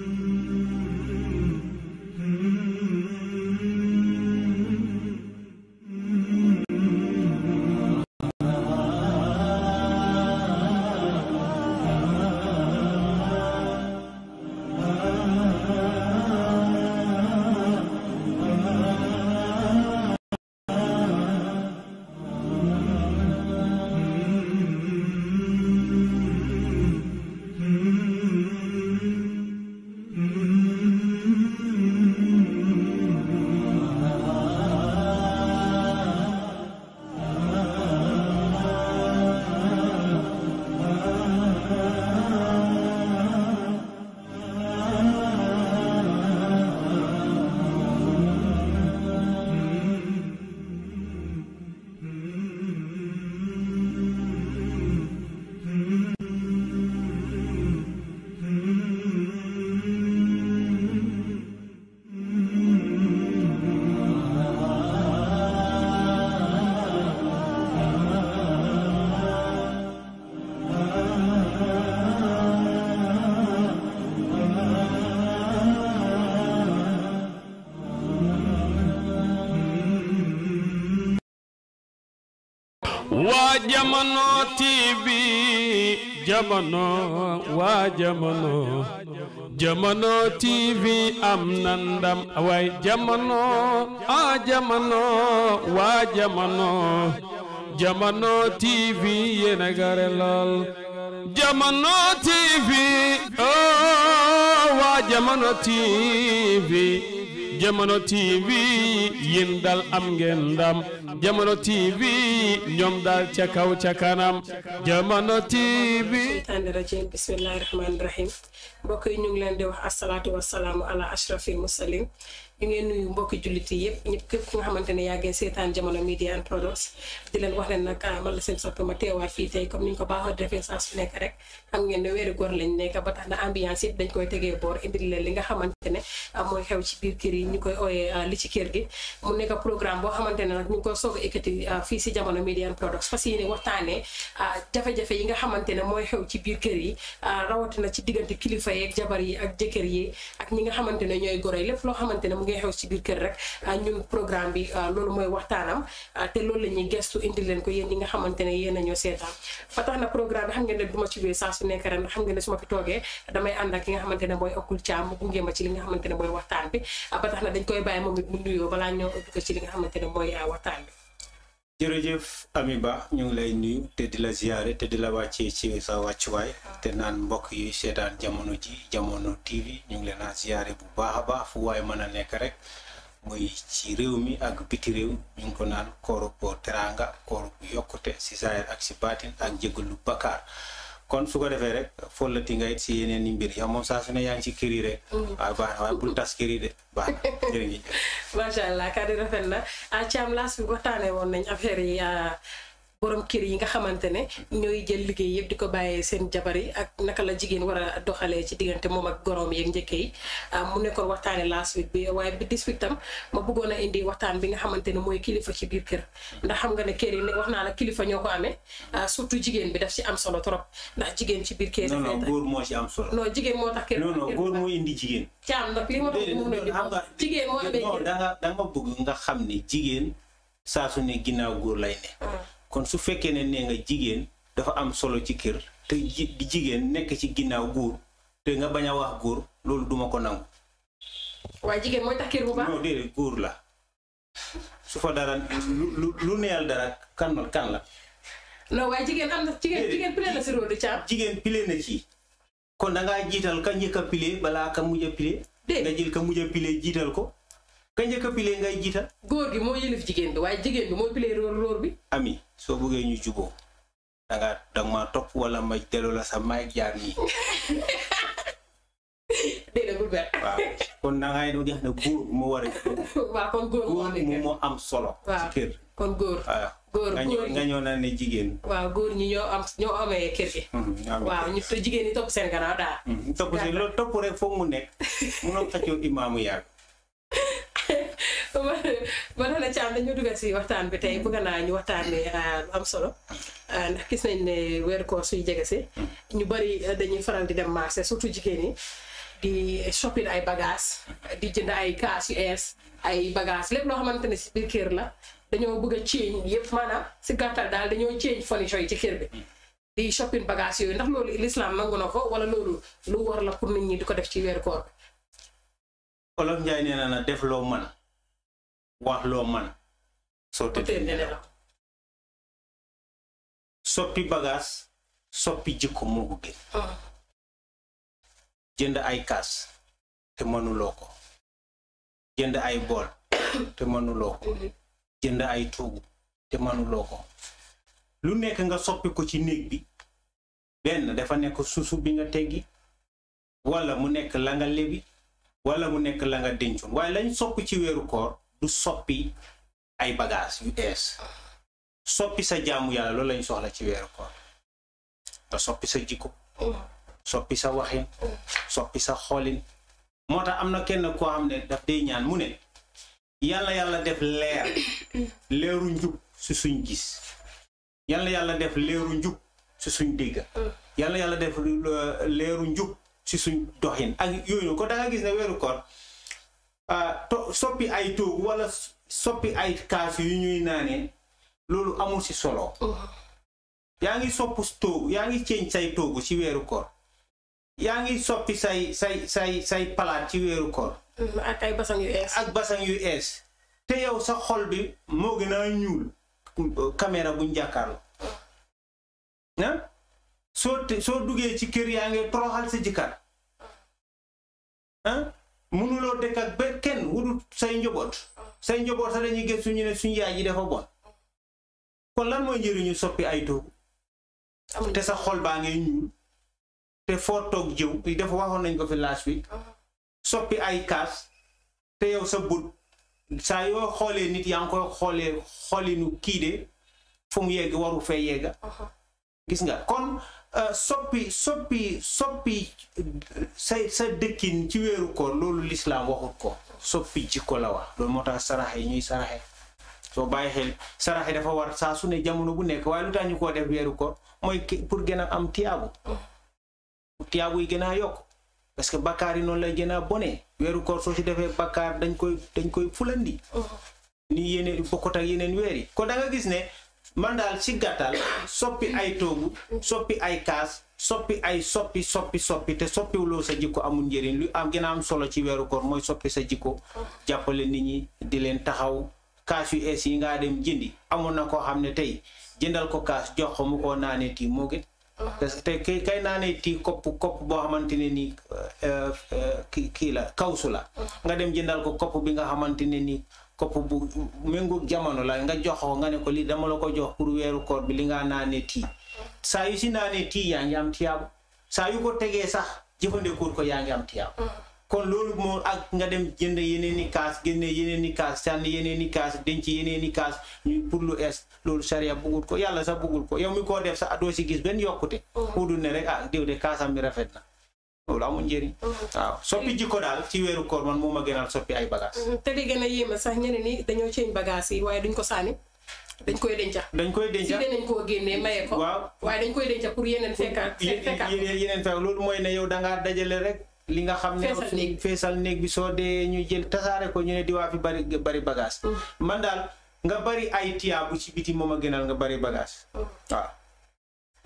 Mm-hmm. jamono TV jamono waa jamono jamono TV am na ndam waay jamono ah jamono waa jamono jamono TV yéen a gare lool jamono TV oh waa jamono TV jamono TV yéen am ngeen jamono tv ñoom daal ca kaw ca kanam jamono tv tànn rajim bismillahi rahmaani rahim mbokk yi ñu ngi leen di wax asalaatu wasalaamu ala ashrafil mursalin ñu ngeen nuyu mbokki jullit yi yëpp ñëpp képp ku nga xamante ne yàggee seetaan jamono media and di leen wax leen nag ah, man la seen soppi ma teewaat fii tey comme ni ñu ko baaxoo defee saa su nekk rek xam koy tegee boor indil leen li nga xamante ne ah, mooy yi ñu koy ooyee ah, li ci kër gi mu nekk programme boo xamante ne nag ko soog ah, fii si jamono Mediane Products fas yéene waxtaanee jafe-jafe yi nga xamante ne mooy xew ci biir kër yi rawatina ci diggante kilifa yeeg jabar yi ak jëkkër yi ak ñi nga xamante ne ñooy goro yi lépp loo xamante ne mu ngi xew ci biir kër rek ñun programme bi loolu mooy waxtaanam te loolu la ñuy gestu indi leen ko yéen ñi nga xamante ne yéen nañoo seetaan ba tax na programme bi xam ngeen duma ci wee saa su nekk ren xam su ma fi toogee damay ànd ak ki nga xamante ne mooy Okul Thiam gunge ma ci li nga xamante ne mooy waxtaan bi ba tax na dañ koy bàyyi moom it mu nuyoo ñoo dugg ci nga xamante ne mooy euh, waxtaan jërëjëf Ami Ba ñu ngi lay nuyu te di la ziyaare te di la wàccee ci sa wàccuwaay te naan mbokk yi seetaan jamono ji jamono TV ñu ngi leen a ziyaare bu baax baax fu waay mën a nekk rek mooy ci réew mi ak biti réew ñu ko naan kooru ko teraanga kooru bu yokkute si saayir ak si baatin ak jégalu bakkaar. kon su ko defee rek follati nga it si yeneen i mbir yow moom saa su ne yaa ngi ci kër yi rek. Mm-hmm. waaw baax na waaye bul tas kër de baax na jërëjëf. macha allah kàddu rafet na ah Thiam laas bi waxtaanee woon nañ affaire yi. Ah, borom kër yi nga xamante ne ñooy jël liggéey yëpp di ko bàyyee seen jabar yi ak naka la jigéen war a doxalee ci diggante moom ak goroom yeeg njëkk yi ah, mu nekkoon waxtaane last week bi waaye bi this week ma bëggoon a indi waxtaan bi nga xamante ne mooy kilifa ci biir kër ndax xam nga ne kër yi wax naa la kilifa ñoo ko amee ah, surtout jigéen bi daf ci am solo trop ndax jigéen ci biir kër non góor moo ci am solo moo tax kër góor moo indi jigéen caam nag li da nga bëgg nga xam ne jigéen saa su ne ginnaaw góor lay ne ah. kon su fekkee ne nee nga jigéen dafa am solo ci kër te di jigéen nekk ci ginnaaw góor te nga bañ a wax góor loolu duma ko nangu. waaye jigéen mooy tax kër bu baax. non góor la su fa dara dara kan la kan la. non waaye jigéen am na jigéen jigéen pile na si rôle Thiam. jigéen pile na ci. kon da jiital ka njëkk a pile balaa ka mujj a pile. nga jël ka mujj a pile jiital ko. ka njëkk a pile ngay jiital. góor gi moo yëlif jigéen bi waaye jigéen bi mooy pile róor róor bi. ami soo bëggee ñu juboo da nga da topp wala ma delloo la sa maay jaar nii. déedéet bu baax. waaw kon góor góor moo moo am solo. ci kër kon góor. góor góor nga ñëw na ne jigéen. waaw góor ñoo amee kër gi. Mhm, waaw ñu jigéen ñi topp seen gannaaw daal. Mhm, topp si loolu topp rek foog mu nekk munoo xëccoo imaamu yàgg. ba dana caam dañu dugal si waxtaan bi tey bëgg naa ñu waxtaan euh, lu am solo euh, ndax gis nañ ne weeru suy jege ñu bari euh, dañuy faral di dem marché surtout jigéen yi di shopping ay bagaas di jënd ay kaas yu ees ay bagages lépp loo xamante ne si biir kër la dañoo bëgg a yëpp maanaam si gàttal daal dañoo change furniture yi ci kër bi. di shopping bagage yooyu ndax loolu l'islam nangu na ko wala loolu lu war la pour nit ñi di ko def ci weeru koor Olof Njaay nee na na def loo man wax loo man soo tëddee soppi bagage soppi jikko moo ko gën ah. jënd ay kaas te mënuloo ko jënd ay bool te mënuloo ko mm-hmm. jënd ay tuugu te mënuloo ko lu nekk nga soppi ko ci néeg bi benn dafa nekk suusu bi nga teggi walla mu nekk la nga lebi wala mu nek la nga dencoon way lañ sopp ci weeru koor du soppi ay bagage yu ees soppi sa jaamu yalla lo lañ soxla ci koor da soppi sa jikko soppi sa waxin soppi sa xolin mota amna kenn ko xamne daf day ñaan mu ne yalla yalla def leer leeru njub su suñ gis yalla yalla def leeru njub su suñ degga yalla yalla def euh, leeru njub si suñ doxin ak yooyu ko da gis ne weeru koor ah, soppi ay toog wala soppi ay kaas yu ñuy naanee loolu amul si solo oh. yaa ngi soppu toogu yaa ngi ceeñ say toogu ci weeru koor yaa ngi soppi say say say palaat ci weeru koor mm-hmm. ak ay basang yu ees te yow sa xol bi moo gën a ñuul caméra gu jàkkaarloo ah soo te soo duggee ci kër yaa ngi toroxal sa jëkkër ah mënuloo dëkk ak say njaboot say njaboot sax dañuy gëstu ñu ne suñu yaay ji dafa bon kon lan mooy njëriñu soppi ay toogu te sa xol baa ngay ñuul te foo toog jëw dafa waxoon nañ ko fi last week uh-huh. soppi ay kaas te yow sa bët saa yoo xoolee nit yaa ngi koy xoolee xoolinu kii de fu mu yegg waru fee yegga uh-huh. gis nga kon Euh, soppi soppi soppi sa sa dëkkin ci weeru koor loolu lislaam waxut ko soppi jikko la wax loolu moo tax sarax yi ñuy saraxe soo bàyyi xel sarax yi dafa war saa su ne jamono bu nekk waaye lu tax ñu koo def weeru koor mooy pour gën a am tiyaabu tiyaabu yi gën a yokk parce que bakkaar noonu lay gën a bone weeru koor soo ci defee bakkaar dañ koy dañ koy fulandi mm-hmm. ni yeneen bokkut ak yeneen weer kon da gis ne man daal si gàttal soppi ay toogu soppi ay kaas soppi ay soppi soppi soppi te soppiwuloo sa jikko amul njëriñ lu am gën a am solo ci weeru koor mooy soppi sa jikko jàppale ni ñi di leen taxaw kaas yu ees yi ngaa dem jëndi amoon na koo xam ne tey jëndal ko kaas jox ko mu koo naanee tii moo gën parce que kay kay naanee tii kopp kopp boo xamante ne nii euh, euh, kii la kawsu la nga dem jëndal ko kopp bi nga xamante ne nii kopp bu méngoog jamono la nga jox ko nga ne ko lii dama la ko jox pour weeru koor bi li ngaa naanee tii saa yu si naanee tii yaa ngi am tiyaabu saa yu ko tegee sax jëfandikoo ko yaa ngi am loolu ak nga dem jënd yeneen i kaas génne yeneen i kaas sànni yeneen i kaas denc yeneen i kaas ñu pour lu loolu sariya buggul ko yàlla sax buggul ko yow mi koo def sax doo si gis benn yokkute. pour mm. du ne rek ah diw de kaasam mi rafet na. loolu amul njëriñ. waaw soppi jikko daal ci weeru koor man moo ma gënal soppi ay bagages. Mm-hmm. te di gën a yéeme sax ñeneen ñi dañoo ceeñ bagages yi waaye duñ ko sànni. dañ koy denca. dañ koy denca si danañ koo génnee maye ko. waaw waaye dañ koy denca pour yeneen fekkaat. fekkaat yeneen yeneen fekk loolu mooy ne yow da ngaa dajale rek. li nga xam ne feesal néeg bi feesal néeg bi soo dee ñu jël tasaare ko ñu ne di waa fi bari bari bagage. Mm. man daal nga bari ay tiyaabu ci biti moom a gënal nga bari bagage. Mm. waaw.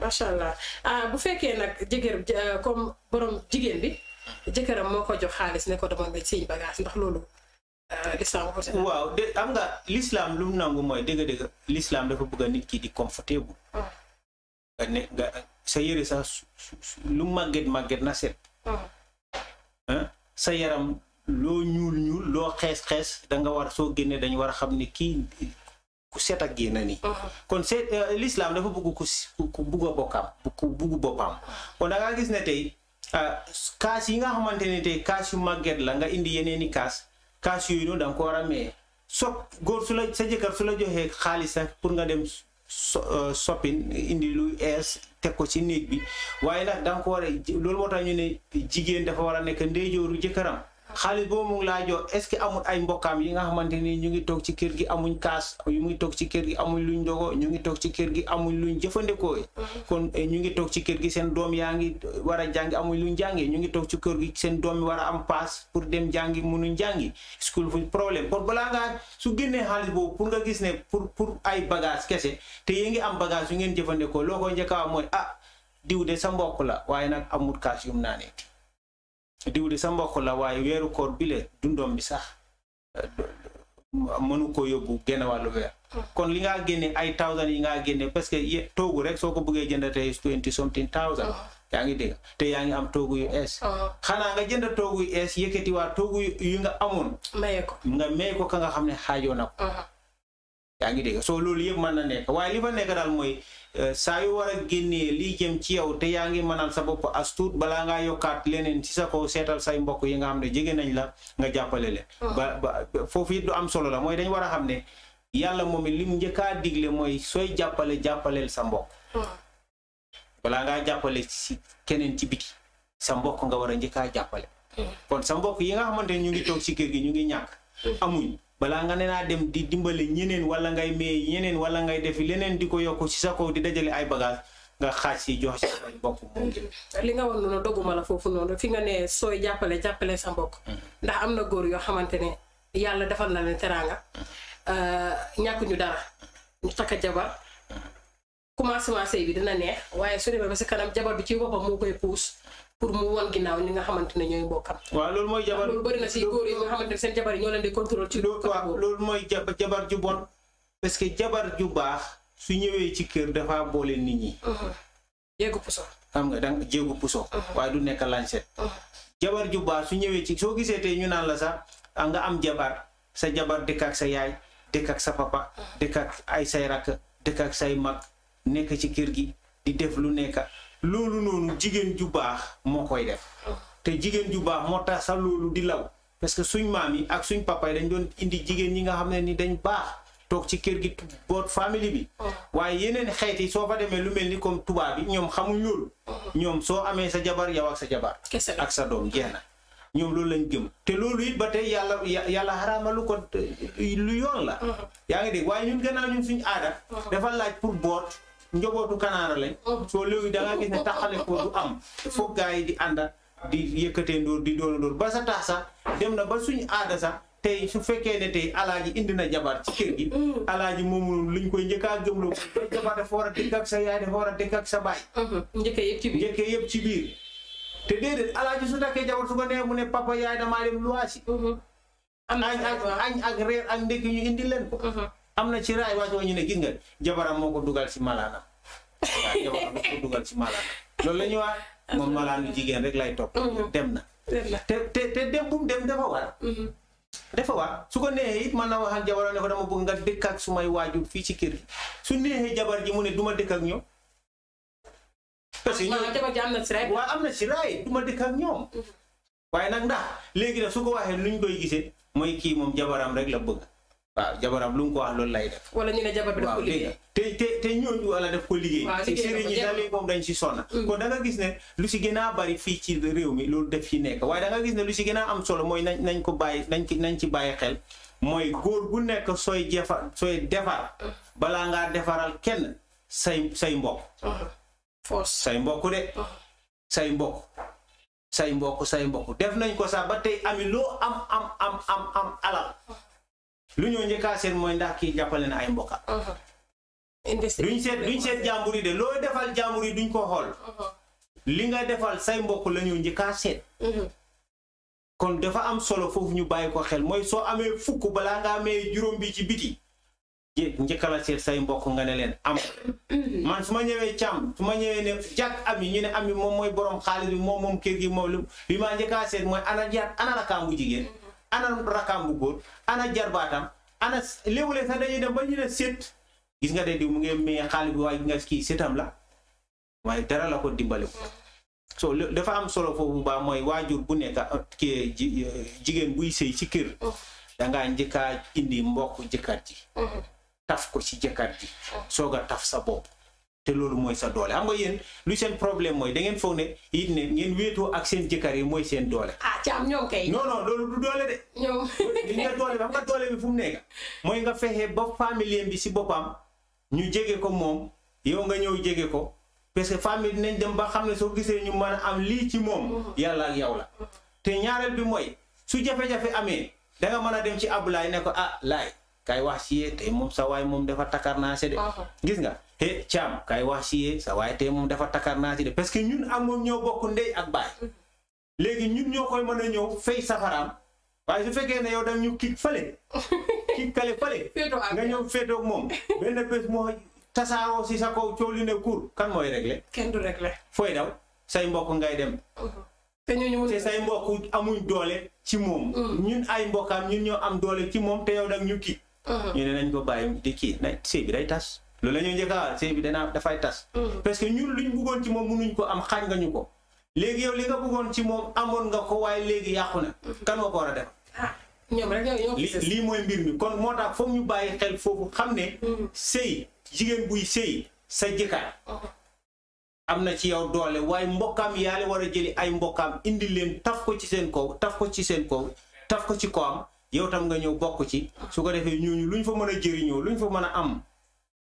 macha allah ah bu fekkee nag jëkkër euh, comme borom jigéen bi jëkkëram moo ko jox xaalis ne ko dama nga siñ bagage ndax loolu euh, lislaam waaw de lu mu nangu mooy dëgg-dëgg lislaam dafa bëgg a nit ki di confortable ah. nga ne sa yëre sax lu màgget màgget na set ah. sa yaram loo ñuul ñuul loo xees xees danga war soo génnee dañu war a xam ne kii ku set ak génn nii. Mhm. kon set euh, l'islam dafa bugg ku ku bugg a bokkam ku bugg boppam kon da gis ne tey euh, kaas yi nga xamante ne tey kaas yu màgget la nga indi yeneen i kaas kaas yooyu noonu da ko war a maye so góor su la sa jëkkër su la joxee xaalis pour nga dem soppin euh, indi lu ees teg ko ci néeg bi waaye nag da nga war a loolu moo tax ñu ne jigéen dafa war a nekk ndeyjooru jëkkëram. xaalis boobu mu ngi laa jox est-ce que amul ay mbokkaam yi nga xamante ni ñu ngi toog ci kër gi amuñ kaas yu muy toog ci kër gi amuñ luñ ndogo ñu ngi toog ci kër gi amuñ luñ jëfandikoo mm-hmm. kon eh, ñu ngi toog ci kër gi seen doom yaa ngi war a jàngi amuñ luñ jàngi ñu ngi toog ci kër gi seen doom war a am paas pour dem jàngi munuñ jàngi school fu problème kon balaa ngaa su génnee xaalis boobu pour nga gis ne pour pour ay bagage kese te yéen ngi am bagage yu ngeen jëfandikoo loo ko njëkk a mooy ah diw de sa mbokk la waaye nag amul kaas yum naa diw di sa mbokk la waaye weeru koor bile dundoom bi sax eh, mënu ko yóbbu genn wàllu weer kon li nga génne ay thousand yi nga génne parce que toogu rek soo ko bëggee jënd tey twenty something thousand oh. yaa ngi dégg te yaa ngi am toogu yu ees oh. xanaa nga jënd toogu yu ees yëkkati waa toogu yu nga amoon maye nga maye ka nga xam ne xaajoo na uh-huh. yaa ngi dégg soo loolu yëpp mën na nekk waaye li fa nekk daal mooy Eh, saa yu war a génnee lii jëm ci yow te yaa ngi mënal sa bopp as tuut balaa ngaa yokkaat leneen ci sa kaw seetal say mbokk yi nga xam ne jege nañ la nga jàppale leen. Oh. ba ba foofu it du am solo la mooy dañ war a xam ne yàlla moom it lim njëkkaa digle mooy sooy jàppale jàppaleel sa mbokk. Oh. balaa ngaa jàppale si keneen ci biti sa mbokk nga war a njëkkaa jàppale. Oh. kon sa mbokk yi nga xamante ñu ngi toog ci kër gi ñu ngi ñàkk mm. amuñ. balaa nga ne naa dem di dimbale ñeneen wala ngay may ñeneen wala ngay def leneen di ko yokk ci sa ko di dajale ay bagage nga xaaj si jox si sa mbokk moom li nga wax noonu la foofu noonu fi nga ne sooy jàppale jàppale sa mbokk mm-hmm. ndax am na góor yoo xamante ne yàlla defal na leen teraanga mm-hmm. euh, ñàkkuñu dara ñu takk jabar mm-hmm. commencement sëy bi dina neex waaye su demee ba si kanam jabar bi ci boppam moo koy puus pour mu wan ginaaw ñi nga xamante ne ñooy bokkam. waaw loolu mooy jabar bëri na si góor yi jabar yi ñoo leen di contrôle ci waaw loolu mooy jabar ju bon parce que jabar ju baax su ñëwee ci kër dafa boole nit ñi. jéegu mhm. puso. xam nga danga jéegu puso. Mhm. waaye du nekk lancet. Mhm. jabar ju baax su ñëwee ci soo gisee tey ñu naan la sax ah, nga am jabar sa jabar dëkk sa yaay dëkk ak sa papa. dëkk ay say rakk dëkk ak say mag nekk ci kër gi di def lu nekk. lolu nonu jigen ju bax mo koy def te jigen ju bax mo tax sa lolu di law parce que suñ mami ak suñ papa dañ doon indi jigen yi nga xamne ni dañ bax tok ci kër gi bot family bi waye yeneen xeet so fa demee lu melni ni comme tuba bi ñom xamu ñul ñom so amé sa jabar yaw ak sa jabar ak sa doom jeena na lolu loolu lañ gëm te lolu it ba tay yalla yalla xaraama lu ko lu yoon la mm-hmm. yaa ngi dégg waaye ñun gannaaw ñun suñ aada mm-hmm. dafa laaj pour bot njobootu kanaara lañ oh. soo léegi da ngaa gis ne taxale ko du am foog gaa yi di ànda di yëkkatee ndóor di doona ndóor ba sa tax sax dem na ba suñu aada sax tey su fekkee ne tey alaaji indi na jabar ci kër gi mm. alaaji moomu noonu luñ koy njëkkaa gëmloo koy jabar dafa war a dëkk sa yaay dafa war a dëkk ak sa baay mm-hmm. njëkkee yëpp ci biir te déedéet alaaji su takkee jabar su ko nee mu ne papa yaay damaa dem luwaasi mm-hmm. añ ak añ ak reer ak ndékki ñu indi leen am na ci raay waaj ñu ne gis nga jabaram moo ko dugal si malaana waaw jabaram moo ko dugal si malaana loolu la ñu wax moom malaanu jigéen rek lay topp mhm. dem na te te dem bu mu dem mhm. su ko neexee it man na waxal jabaram ne ko dama bëgg nga dëkk ak sumay waajur fii ci kër gi su neexee jabar ji mu ne duma ma dëkk ak ñoom parce na ci na ci du ma dëkk ak ñoom mhm. waaye nag ndax léegi nag su ko waxee lu ñu koy gisee mooy kii moom jabaram rek la bëgg waaw jabaram lu mu ko wax loolu lay def. wala ko liggéey te te te ñooñu wala daf ko liggéey. waaw liggéey ñi tamit moom dañ si sonna mm. kon da gis ne lu si gën a bari fii ci réew mi loolu def fi nekk waaye da gis ne lu si gën a am solo mooy nañ nañ ko bàyyi nañ ci nañ ci bàyyi xel mooy góor bu nekk sooy jëfa sooy defar balaa ngaa defaral kenn say say mbokk. Uh-huh. force say mbokk de. Uh-huh. say mbokk mbokk say mbokk def nañ ko sax tey ami loo am am am am am alal. Uh-huh. lu ñoo njëkkaa seet mooy ndax kii jàppale na ay mbokka uh-huh. duñ seet duñ seet jàmbur yi de loo defal jàmbur yi duñ ko xool uh-huh. li nga defal say mbokk la ñoo njëkkaa seet uh-huh. kon dafa am solo foofu ñu bàyyi ko xel mooy soo amee fukk balaa nga amee juróom ci biti njëkkal seet say mbokk nga ne leen am man su ma ñëwee càmm su ma ñëwee ne jàkk am yi ñu ne am moom mooy borom xaalis bi moom moom kër gi moom li maa njëkkaa seet mooy ana jaat ana rakkaam bu jigéen ana rakkaam bu góor ana jarbaatam ana léeg-léeg sax dañuy dem ba ñu ne sét gis nga de diw mu ngi mais xaalis bi waaye nga kii sétam la waaye dara la ko dimbale ko dafa am solo foofu baa mooy waajur bu nekk ah, kii jigéen buy sëy ci kër dangaa njëkkaa indi mbokk jëkkat ji mm-hmm. taf ko ci jëkkat ji mm-hmm. soog a taf sa bopp te loolu mooy sa doole xam nga yéen lu seen problème mooy da ngeen foog ne it ne ngeen wéetoo ak seen jëkkër yi mooy seen doole. ah caam ñoom kay. non non loolu du doole de. ñoom li bi xam doole bi fu mu nekk mooy nga fexe ba famille bi si boppam ñu jege ko moom yow nga ñëw jege ko parce que famille dinañ dem ba xam ne soo gisee ñu man am lii ci moom. Mm-hmm. yàlla ak yow la te ñaareel bi mooy su jafe-jafe amee da nga mën a dem ci Abdoulaye ne ko ah laay. kaay wax si tey moom sa waay moom dafa takar naa si de. gis nga he caam kaay wax si sa waay tey moom dafa takar naa si de parce que ñun ak moom ñoo bokk ndey ak baay. Mhm. léegi ñun ñoo koy mën a ñëw fay safaraam waaye su fekkee na yow da ñu kii fële kii kale fële. nga ñëw féetoo ak moom benn bés moo tasaaroo si sa kaw coow li ne kuur kan mooy réglé. kenn du réglé. fooy daw say mbokk ngay dem. te ñooñu te say mbokk amuñ doole ci moom. Mm. ñun ay mbokkaam ñun ñoo am doole ci moom te yow da ñu kii. Mm-hmm. ñu ne nañ ko bàyyi di kii na bi day tas loolu la ñuy njëkk a bi danaa dafay tas mm-hmm. parce que ñu lu ñu buggoon ci moom mënuñ ko am xañ nga ñu ko léegi yow li nga bëggoon ci moom amoon nga ko waaye léegi yàqu na mm-hmm. kan nga ko war a def ah, ñoom rek lii mooy mbir mi kon moo tax foog ñu bàyyi xel foofu xam ne sey jigéen buy sëy sa jëkkër am na ci yow doole waaye mbokkaam la war a jëli ay mbokkaam indi leen taf ko ci seen kaw taf ko ci seen kow taf ko ci kowam yow tam nga ñëw bokk ci su ko defee lu ñu fa mën a jëriñoo luñ fa mën a am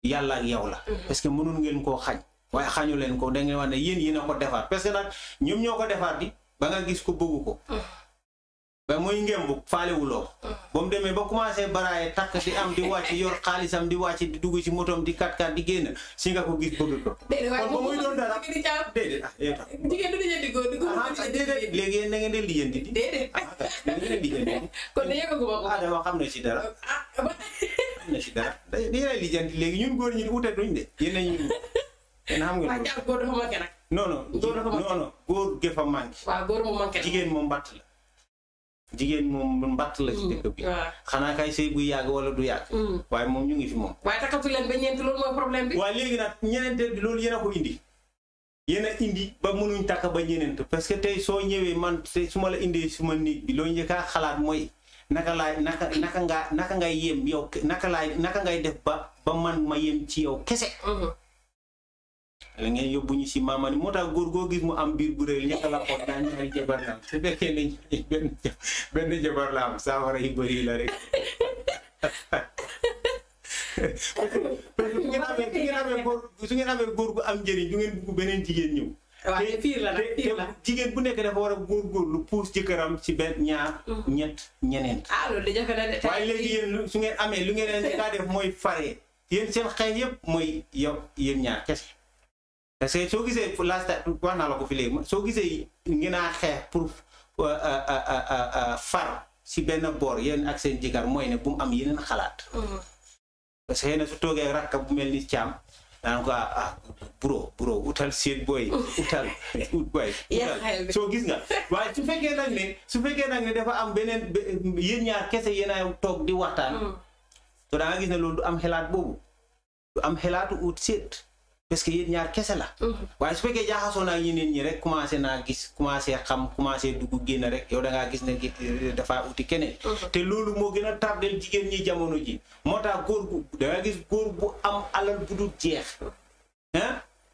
yàllaa ak yow la. parce mm-hmm. que mënul ngeen koo xaj waaye xañu leen ko da ngeen wax ne yéen yéen a ko defaat parce que nag ñoom ñoo ko defaat di ba nga gis ko bëgg ko. Mm-hmm. ba muy ngémbu faalewuloo mm. ba mu demee ba commencé baraaye takk di am di wàcc yor xaalisam di wàcc di dugg ci motom di kat kat di génn si nga ko gis bëgg ko kon ba muy doon dara ah, ah, léegi yéen da ngeen di lijjanti ah, di di kon dañu ko na si dara xam na si dara léegi ñun góor ñi wute duñ de yéen nañu kenn xam nga góor dafa manqué nag non non góor dafa manqué non non góor gëfa jigéen moom batt la jigéen moom mbatt la ci mm. dëkk bi. xanaa kay sëy buy yàgg wala du yàgg. Mm. waaye moom ñu ngi fi moom. waaye takkatu leen ba ñeenti loolu mooy problème bi. waaye léegi nag ñeenteel bi loolu yéen a ko indi. yéen a indi ba mënuñ takk ba ñeneent parce que tey soo ñëwee man tey su la indee suma néeg bi loo njëkkaa xalaat mooy naka laay naka naka ngaa naka ngay yem yow naka laay naka ngay def ba ba man ma yem ci yow kese. Mm-hmm. da ngay yobbu ñu ci mama ni motax góor go gis mu am bir bu reel ñaka la ko naan ñaari jabar la su fekkee ni ben ben jabar la am sa wara yi bari la rek su ngeen amee su góor gu am njëriñ du ngeen bugg beneen jigéen ñëw waaye fiir la nag fiir la jigéen bu nekk dafa war a góorgóorlu puus jëkkëram ci ben ñaar mm-hmm. ñett ñeneen ah loolu de jafe na de waaye léegi yéen su ngeen amee lu ngeen leen kaa def mooy fare yéen seen xel yëpp mooy yow yéen ñaar kese parce que soo gisee last wax naa la ko fi léegi soo gisee ngeen a xeex pour euh, euh, euh, far si benn boor yéen ak seen jëkkër mooy ne bu mu am yeneen xalaat. Mm-hmm. parce que toogee rakka bu mel ni caam daan ko ah, ah bro bro utal seet soo gis nga waaye su fekkee nag ne su fekkee nag ne dafa am beneen yéen ñaar kese yéen toog di waxtaan. to mm-hmm. da gis ne loolu du am xalaat boobu am xalaatu ut seet. parce que yéen ñaar kese la. Mm-hmm. waaye su fekkee jaaxasoo naa ñeneen ñi rek commencé naa gis commencé xam commencé dugg génn rek yow da ngaa gis ne dafaa uti keneen. Mm-hmm. te loolu moo gën a tardel jigéen ñi jamono ji moo tax góor bu da nga gis góor bu am alal bu du jeex.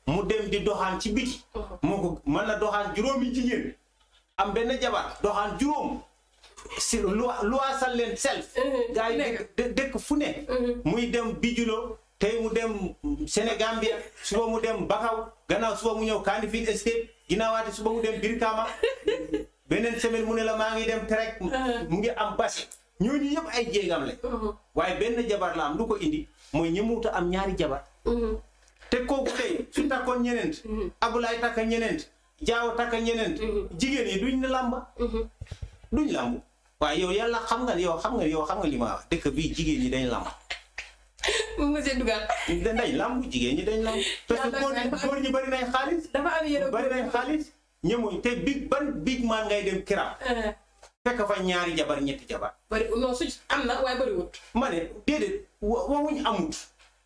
mu dem di doxaan ci biti. Mm-hmm. moo ko mën na doxaan juróomi jigéen am benn jabar doxaan juróom. si lu lu dem bijulo tey mu dem Sénégambia suba mu dem Bakaw gannaaw suba mu ñëw fii Kanifing Estate ginnaawaate suba mu dem Birkama beneen semaine mu ne la maa ngi dem Terek uh-huh. mu ngi am basi ñu yëpp ay jéegam la uh-huh. waaye benn jabar la am lu ko indi mooy ñëmuuta am ñaari jabar uh-huh. te kooku tey su takkoon ñeneent Abulaay takka ñeneent Jaaw takka ñeneent jigéen yi duñ làmb duñ làmb waaye yow yàlla xam nga yow xam nga yow xam nga li dëkk bii jigéen ñi dañ làmb mu seen dugal dañ day lamb jigéen ñi dañ lamb parce que góor ñi góor ñi bari nay xaalis dafa am yére bari nay xaalis ñemuñ te big ban big man ngay dem kira fekk eh. fa ñaari jabar ñetti jabar bari non su am na waaye bari wut ma ne déedéet amut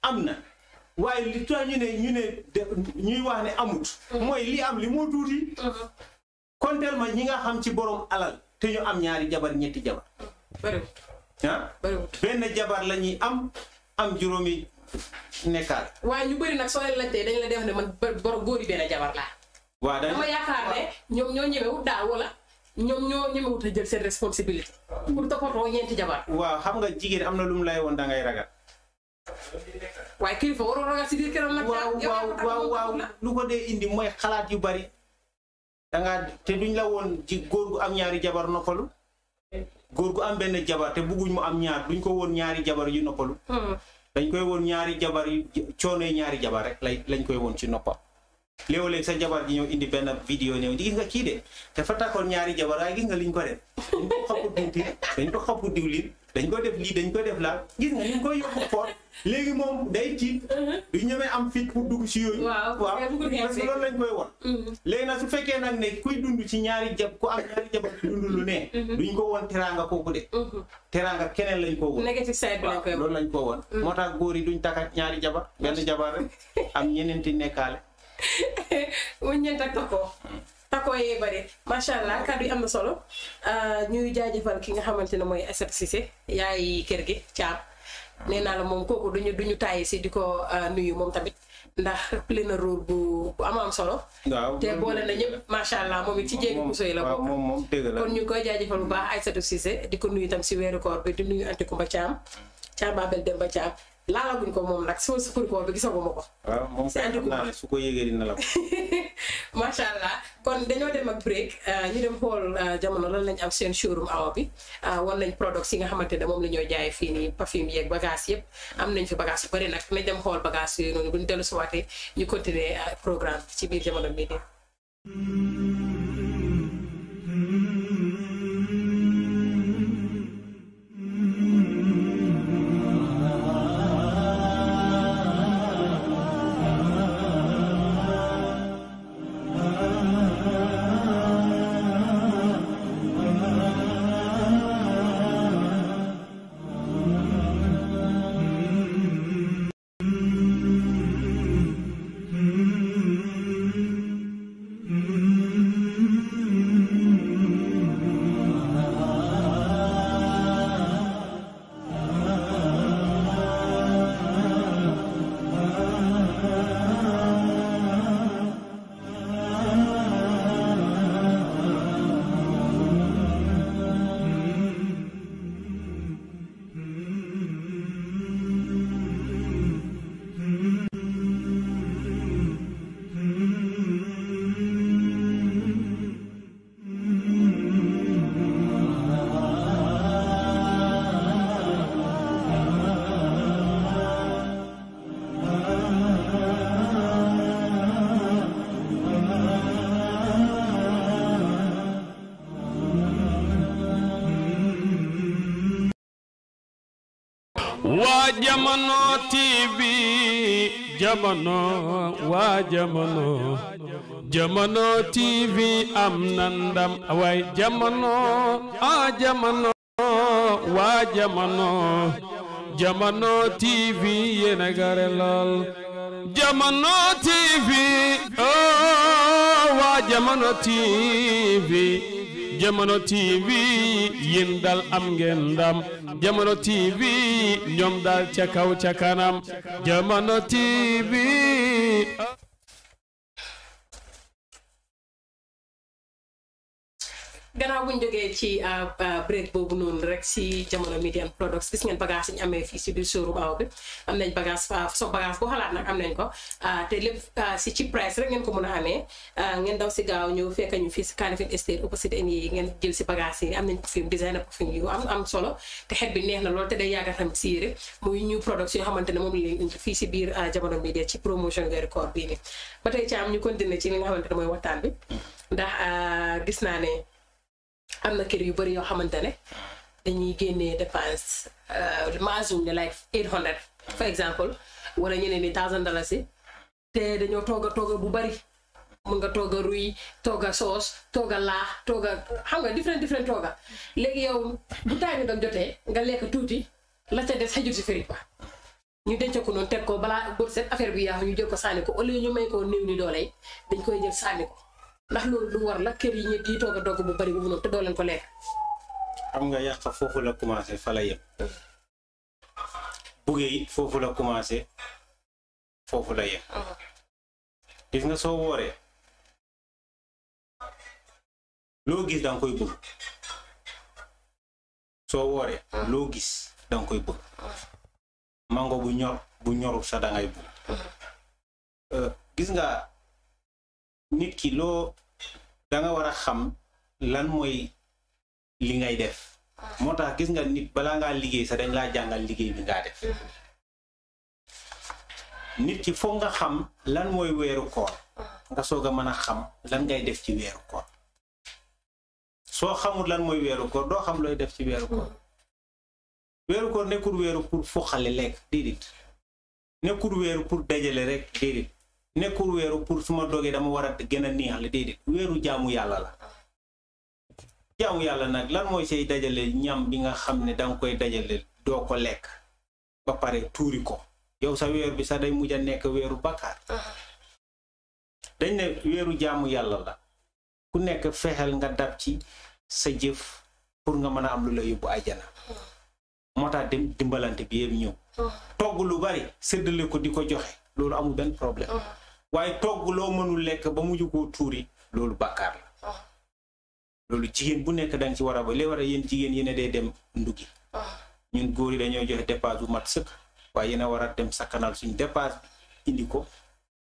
amna, na waaye li tax ñu ne ñu ne ñuy wax ne amut mooy li am li moo tuuti konteel ma ñi nga xam ci borom alal te ñu am ñaari jabar ñetti jabar bari wut ah benn jabar la am am juróomi nekkaat. waaye ñu bari nag soo leen laajtee dañ la def ne man borom góor yi benn jabar laa. waaw dama yaakaar ne ñoom ñoo ñemewut daal wala ñoom ñoo ñemewut a jël seen responsabilité. pour toppatoo ñeenti jabar. waaw xam nga jigéen am na lu mu lay woon dangay ngay ragal. waaye kilifa waroo ragal si biir këram nag. waaw waaw waaw waaw lu ko indi mooy xalaat yu bari. da te duñ la woon ci góor gu am ñaari jabar noppalu. góor gu am benn jabar te bëgguñ mu am ñaar duñ ko woon ñaari jabar yu noppalu. Hmm. dañ koy woon ñaari jabar yu coonoy ñaari jabar rek lay lañ koy woon ci noppam. léeg-léeg sa jabar ji ñëw indi benn vidéo ñëw gis nga kii de dafa takkoon ñaari jabar waaye gis nga liñ ko def dañ ko xapu diwlin dañ diwlin dañ koo def lii dañ ko def laal gis nga ñu ngi koy yokk fort léegi moom day tiit du ñemee am fit pour dugg si yooyu waaw parce que loolu lañ koy won mm-hmm. léegi nag su fekkee nag ne kuy dund ci ñaari jab ko am ñaari jabar di lu ne mm-hmm. duñ ko woon teraanga kooku de mm-hmm. teraanga keneen lañ ko woon négatif side bi lañ koy loolu lañ ko woon moo tax góor yi duñ takkat ñaari jabar benn jabar rek am ñeneenti nekkaale wuñ ñeent tako yee bëri macha allah kàddu yi am na solo ah, ñuy jaajëfal ki nga xamante ne mooy Assette Cissé yaay kër gi caam nee naa la moom kooku duñu ñu tàyyi si di ko ah, nuyu moom tamit ndax plein na rôle bu bu am am solo. waaw te boole na ñëpp macha allah moom it ci jéeg puso yi la bokk. moom moom dëgg ñu ngi koy jaajëfal bu baax Aïssatou si di ko nuyu tam si weeru koor bi di nuyu Anti Koumba Thiam. Thiam Babel Demba Thiam laalaguñ ko moom nag soo sukkandikoo bi gisaguma ko. waaw moom kay su ko yëgee dina la ko. allah kon dañoo dem ak break euh, ñu dem xool euh, jamono lan lañ am seen showroom awa bi euh, war nañ product si nga xamante ne moom la ñoo jaayee fii nii parfum yeeg bagage yëpp am nañ fi bagage bari bëri nag nañ dem xool bagage yooyu noonu bu ñu dellu si ñu continuer programme ci biir jamono bii jamono TV jamono waa jamono jamono TV am na ndam waay jamono ah jamono waa jamono TV yéen a TV oh waa TV jamono TV yéen am ngeen ndam. jamono tv ñoom dal ca kaw ca kanam jamono tv gannaaw bu ñu jógee ci euh, euh, break boobu noonu rek si jamono media and products gis ngeen bagage yi ñu amee si biir showroom aw bi am nañ ko euh, te lépp si ci price rek ko mën a amee ngeen daw si gaaw ñëw fekk ñu fii si Kanifing ngeen jël si bagage yi am nañ perfume neex na lool te day yàgg tamit si ñu products yoo xamante ne moom fii si biir jamono media ci promotion weeru koor bii nii ba tey ci am ñu ci li nga ne mooy waxtaan bi ndax gis naa ne am na kër yu bëri yoo xamante ne dañuy génnee dépense euh, maasum ne like eight hundred for example wala ñeneen ni thousand dollars yi te dañoo togg a togg bu bari mun nga togg a ruy togg soos togg a laax togg xam nga different different togga léegi yow bu tàyyi doon jotee nga lekk tuuti la ca des xëjul si firi ba ñu denc ko noonu teg ko balaa bët set affaire bi yaaxu ñu jël ko sànni ko au lieu ñu may ko néew ni doole yi dañ koy jël sànni ko ndax loolu lu war la kër yi ñu di toog a dogg bu bari boobu noonu te doo ko lekk. xam nga yàq foofu la commencé fa la yem. Mm. buggee it foofu la commencé foofu la yem. Ah. gis nga soo woore loo gis danga koy bëgg soo wooree ah. loo gis danga koy bëgg ah. mango bu ñor bu ñorul sax dangay bëgg euh, gis nga. nit ki loo da nga war a xam lan mooy li ngay def moo tax gis nga nit balaa ngaa liggéey sax dañ laa jàngal liggéey bi ngaa def nit ki foog nga xam lan mooy weeru koor nga soog a mën a xam lan ngay def ci weeru soo xamul lan mooy weeru koor doo xam looy def ci weeru koor weeru koor nekkul weeru pour foxale lekk déedéet nekkul weeru pour dajale rek déedéet nekkul weeru pour su ma dogee dama war a gën a neexle déedéet weeru jaamu yàlla la jaamu yàlla nag lan mooy say dajale ñam bi nga xam ne danga koy dajale doo ko lekk ba pare tuuri ko yow sa weer bi sax day mujj a nekk weeru bakkaar dañ ne weeru jaamu yàlla la ku nekk fexeel nga dab ci sa jëf pour nga mën a am lu la yóbbu àjjana moo tax dimbalante bi yëpp ñëw uh-huh. togg lu bari séddale ko di ko joxe loolu amul benn problème uh-huh. waaye togg loo mënul lekk ba mujj koo tuuri loolu bàkkaar la oh. loolu jigéen bu nekk danga ci war a ba li war a yéen jigéen yéen a day dem ndugi oh. ñun góor yi dañoo joxe dépasse bu mat sëkk waaye yéen a war a dem sakkanal suñ dépasse indi ko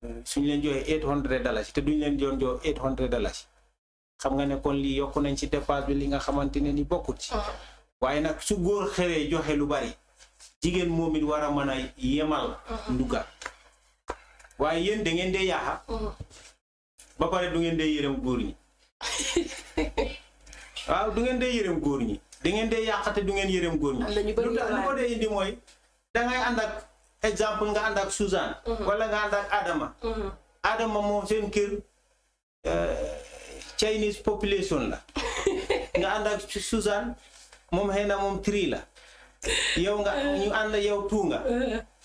euh, suñ leen joxee eight hundred dalasi te duñ leen doon jox eight hundred xam nga ne kon lii yokk nañ ci dépasse bi li nga xamante ne ni bokkut ci oh. waaye nag su góor xeree joxe lu bari jigéen moom it war a mën a yemal nduga waaye yéen da ngeen dee yaaxa mm-hmm. ba pare du ngeen dee yërëm góor ñi waaw du ngeen dee yërëm góor ñi da ngeen dee yàqate du ngeen yërëm góor ñi lu tax lu dee indi mooy dangay ànd ak exemple nga ànd ak Suzanne mm-hmm. walla nga ànd ak Adama mm-hmm. Adama moom seen kër euh, Chinese population la nga ànd ak Suzanne moom xëy na moom tri la yow nga ñu ànd yow tuunga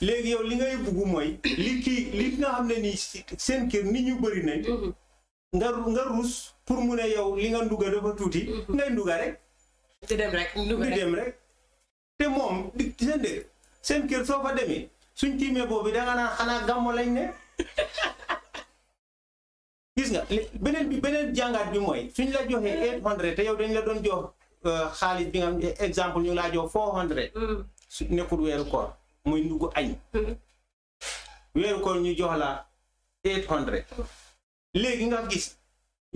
léegi yow li ngay bugg mooy li kii li nga xam ne nii seen kër nit ñu bëri nañ mhm. nga rus pour mu ne yow li nga nduga dafa tuuti mhm. ngay nduga rek du dem rek du dem rek te moom di seen dëkk seen kër soo fa demee suñ tiimee boobu danga naa xanaa gàmmo lañ ne gis nga beneen bi beneen jàngaat bi mooy suñ la joxee mhm. eight te yow dañ la doon jox Euh, xaalis bi nga xam ne exemple ñu laa jox four hundred mm. su nekkul weeru koor muy ndugg añ mm. weeru koor ñu jox la eight hundred nga gis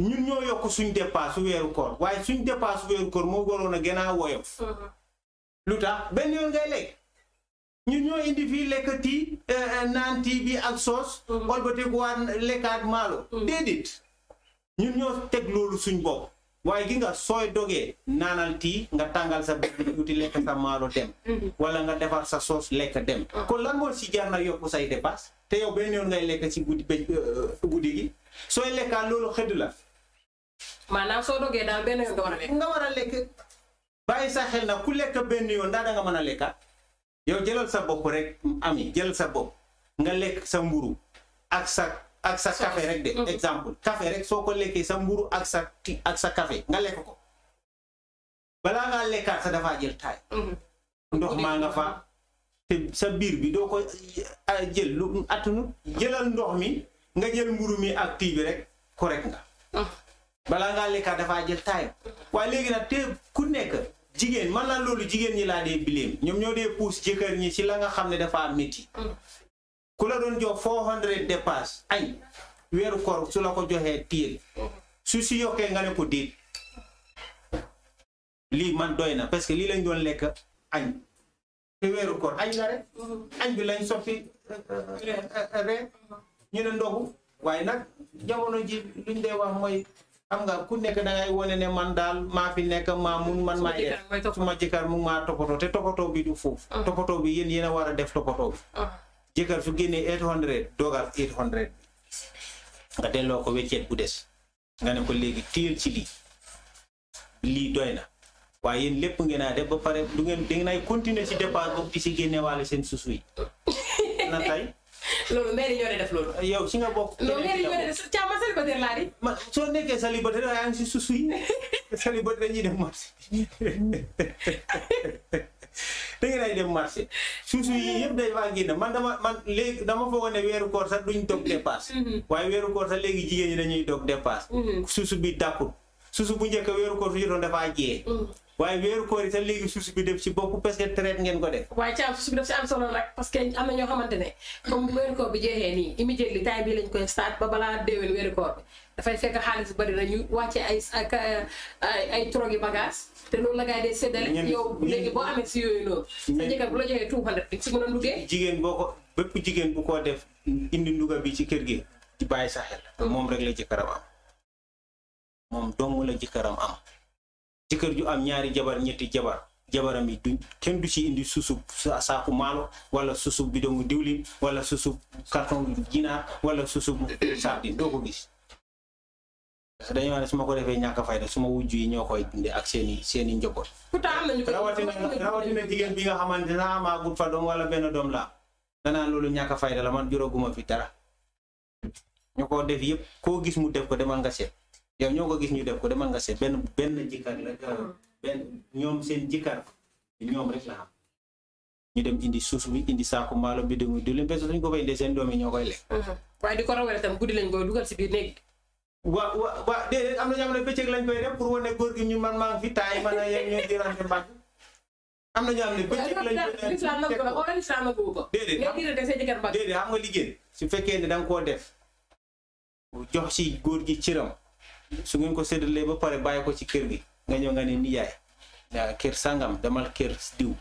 ñun ñoo yokk suñ dépasse weeru koor waaye suñ dépasse weeru koor moo waroon a gën a mm-hmm. benn yoon ngay lekk ñun ñoo indi fii lekk tii euh, euh, naan tii bi ak soos mm-hmm. wal ba teg waa lekkaat maalo mm-hmm. déedéet ñun ñoo teg loolu suñ bopp way gi nga soy dogee nanal ti nga tangal sa benn uti lek sa maalo dem mm-hmm. wala nga defar sa sauce lek dem mm. ko lan mo ci jarna na ko say dépass te yow benn yon ngay lek si guddi bëj guddi eh, eh, gi lek ka lolu xëdd la manam so dogee daal benn yon nga war a nga wara lek lekk sa xel na ku lek benn yon da nga mëna lek yow jëlal sa bop rek ami jël sa bop nga lek sa mburu ak sa ak sa café rek de exemple café rek soo ko lekkee sa mburu ak sa ak nga lekk ko balaa ngaa lekkaat sa dafaa jël taay mm-hmm. maa sa biir bi doo ko jël lu ndox mi nga jël mburu mi ak tii bi rek correct nga ah. balaa ngaa waaye léegi nag te ku nekk jigéen man naa loolu jigéen ñi laa dee bileem ñoom ñoo dee puus jëkkër ñi ci la nga xam ne dafaa métti mm. ku la doon jox four hundred dépasse añ weeru koor su la ko joxee tiir su si yokkee nga ne ko déet lii man doy na parce que lii lañ doon lekk añ te weeru koor añ la rek añ bi lañ soppi rek eh, eh, eh, ñu ne ndogu waaye nag jamono ji luñ dee wax mooy xam nga ku nekk dangay wone ne man daal maa fi nekk maa mun man maa su ma jëkkër mu maa toppatoo te toppatoo bi du foofu ah. toppatoo bi yéen yéen a war a def toppatoo bi ah. jekkat so guinni 800 dogal 800 nga delloo ko bu dess nga ne ko léegi téelci ci li li doyna waye yéen lépp ngeen a def ba pare du ngeen da ngay continuer ci départ bu ci si génnewaale sen susu yi na tay loolu mbéy mi def loolu. yow ci nga bok loolu mbéy mi def ci def càmm célibataire la di. ma soo nekkee célibataire yaa ngi ci susu yi. sali bët dañuy dem marché dëgg lay dem marché suusu yi yëpp day waa génn man dama man léegi dama foogoon ne weeru koor sax duñ toog dépasse mm-hmm. waaye weeru koor sax léegi jigéen ñi dañuy toog dépasse mm-hmm. suusu bi dàkkul suusu bu njëkk weeru koor su jotoon dafaa jee mm-hmm. waaye weeru koor yi sax léegi suuf bi def ci bopp parce que traite ngeen ko def. waaye caa suuf bi daf si am solo nag parce que am na ñoo xamante ne comme weeru koor bi jeexee nii immédiatement taay bii lañ koy start ba balaa déwén weeru koor bi dafay fekk xaalis bu bëri na ñu wàcce ay ak ay trog yi bagage te loolu la ngay dee séddale. yow léegi boo amee si yooyu noonu. sa jëkkër bu la joxee two hundred di si mën a duggee. jigéen boo ko bépp jigéen bu ko def indi nduga bi ci kër gi di bàyyi sa xel. Mm. moom rek la jëkkëram am moom dong la jëkkëram am ci kër ju am ñaari jabar ñetti jabar jabaram yi du kenn du ci indi susub saaku maalo wala susub bidon diwlin wala susub carton ginaar wala susub sardine doo ko gis dañu wax ne su ko defee ñàkk fayda suma ma wujj yi ñoo koy dundee ak seeni seeni njaboot rawatina rawatina jigéen bi nga xamante naa ah, maagut fa doom wala benn doom laa danaa loolu ñàkk fayda la man juróoguma fi dara ñu ko def yëpp koo gis mu def ko demal nga yow ñoo ko gis ñu def ko demal nga seet ben ben jikar la ah. ben ñom seen jikar ñom rek la xam ñu dem indi suuf bi indi saako maalo bi dem di leen bëss dañ ko bay dé seen doomi yi ñoo koy lekk. Ah. waaye di ko rawel tam guddi lañ ko duggal ci bi néeg. wa wa wa dé am na ñam na bëcëk lañ koy def pour woné góor gi ñu man maang fi tay man a ñu di rañu mbàkk. am na ñam xam bëcëk lañ ko def islam na ko wala islam na ko ko. déedéet am nga ligéen su fekkee ne dang ko def jox ci góor gi ciiram su ngeen ko sédélé ba pare bay ko ci kër gi nga ñëw nga yaay da kër sangam damal kër diw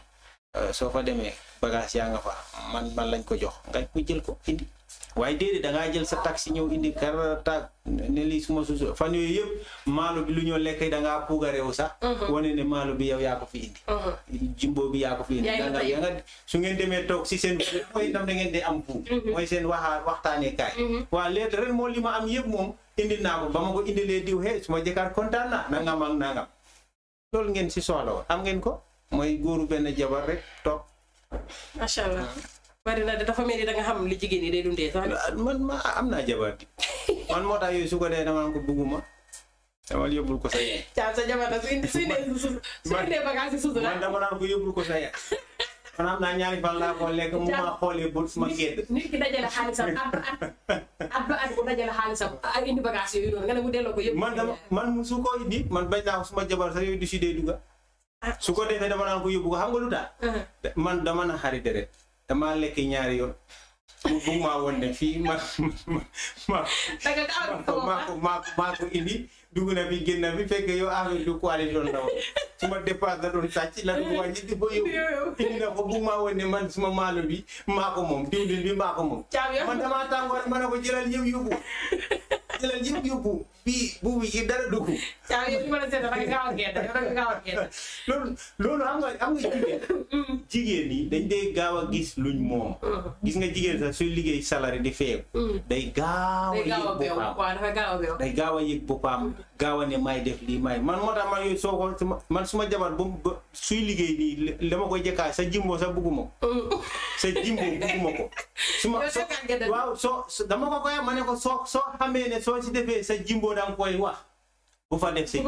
euh, so fa démé bagage ya nga fa man man lañ ko jox nga ko jël ko indi waye dédé da nga jël sa taxi ñëw indi ta né li suma su fan yooyu yëpp maalo bi lu ñoo lekk da nga puuga réew sax mhm. woné né maalo bi yow ya ko fi indi mhm. jimbo bi ya ko fi indi danga nga ya nga su ngeen démé tok ci seen mooy tam da ngeen dé am bu moy mhm. seen waxa waxtané kay wa ren mo li am mom indil naa ko ba ma ko indilee diw hee su ma jëkkaar kontaan na nangam ak nangam loolu ngeen si soxla woon am ngeen ko mooy góoru benn jabar rek toog. macha allah bari na dafa mel ni da nga xam li jigéen ñi day dundee sax. Ah, man ma ah, am naa jabar man moo tax yooyu su ko dee dama ko bugguma dama yóbbul yóbbul ko sa yaay kon naa ñaari fan laa ko lekk mu ma xoolee bul suma gédd nit ki dajale xaalisam ab at ba at bu dajale indi delloo ko man dama man su ko indi man bañ naa ko suma jabar sax yooyu du si dee dugga ah. su ko defee dama naan ko yóbbu ko xam nga lu tax uh-huh. man dama na xarit deret damaa lekk ñaari yoon mu bugg maa woon ne fii ma ma ma maa ko indi dugg na fi génn fi fekk yow affaire du coalition ndaw su ma dépasse da doon sàcc la doon wàññi di ba yow indi na ko bu maa woon ne man suma maalo bi maa ko moom diwlin bi maa moom man damaa tàngoor ma ne ko jëlal yow yóbbu a a gedd dafa gaaw a gedd. loolu loolu nga jigéen. Mm-hmm. jigéen yi dañ dee gaaw a gis luñ moom. Mm-hmm. gis nga jigéen sax suy liggéey salari di mm-hmm. feew. day gaaw a yëg boppam day gaaw a yëg boppam gaaw a ne maay def lii maay man moo tax man yooyu suma jabar suy liggéey nii dama koy jëkkaay sa jimbo sa bugguma sa jimbo bugguma ko. su ma waaw soo dama ko ma ko soo soo ne soo ci defee sa jimbo danga koy wax bu fa def sa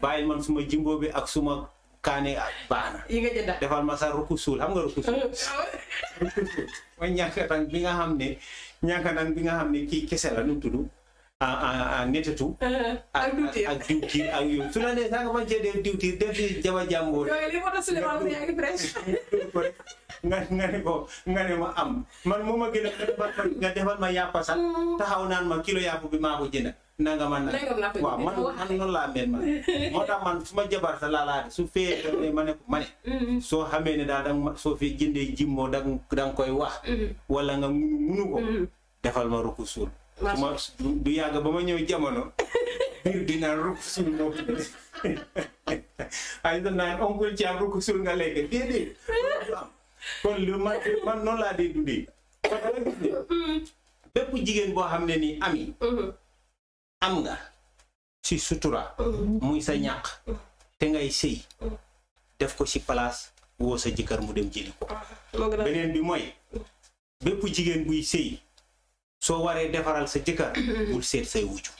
bàyyil man suma jimbo bi ak suma kaani ak na yi nga jënd defal ma sar rukku suul xam nga rukku suul rukku suul bi nga xam ne ñàkkatan bi nga xam ne kii kese la nu tudd ah ah netatu. ak diwtiir ak diwtiir ak yow su la nee saa nga fa jëndee diwtiir def ci jaba jàmbur. yooyu li ko doon ngan ngan ne ko nga ma am man mu ma gën a ya nga defal ma yàppa sax taxaw naan ma kilo yàpp ya bi maa ko jënd nanga man na waaw man man noonu laa mel man moo tax man su jabar sa laalaate su fee ne ma ne ko ma ne mm-hmm. soo xamee ne daal danga soo fee jëndee jimmoo danga danga koy wax mm-hmm. wala nga munu munu ko mm-hmm. defal ma rukku suul ma du yàgg ba ma jamono biir dina rukku suul ay da naan ci am rukku nga lekk déedéet kon lu man man noonu laa dee mm-hmm. bépp jigéen boo xam ne nii ami mm-hmm. am nga ci sutura mm-hmm. muy sa ñàq te ngay sëy def ko ci palaas woo sa jëkkër mu dem jëli ah, beneen bi mooy bépp jigéen buy sëy soo waree defaral sa jëkkër bul seet say wujju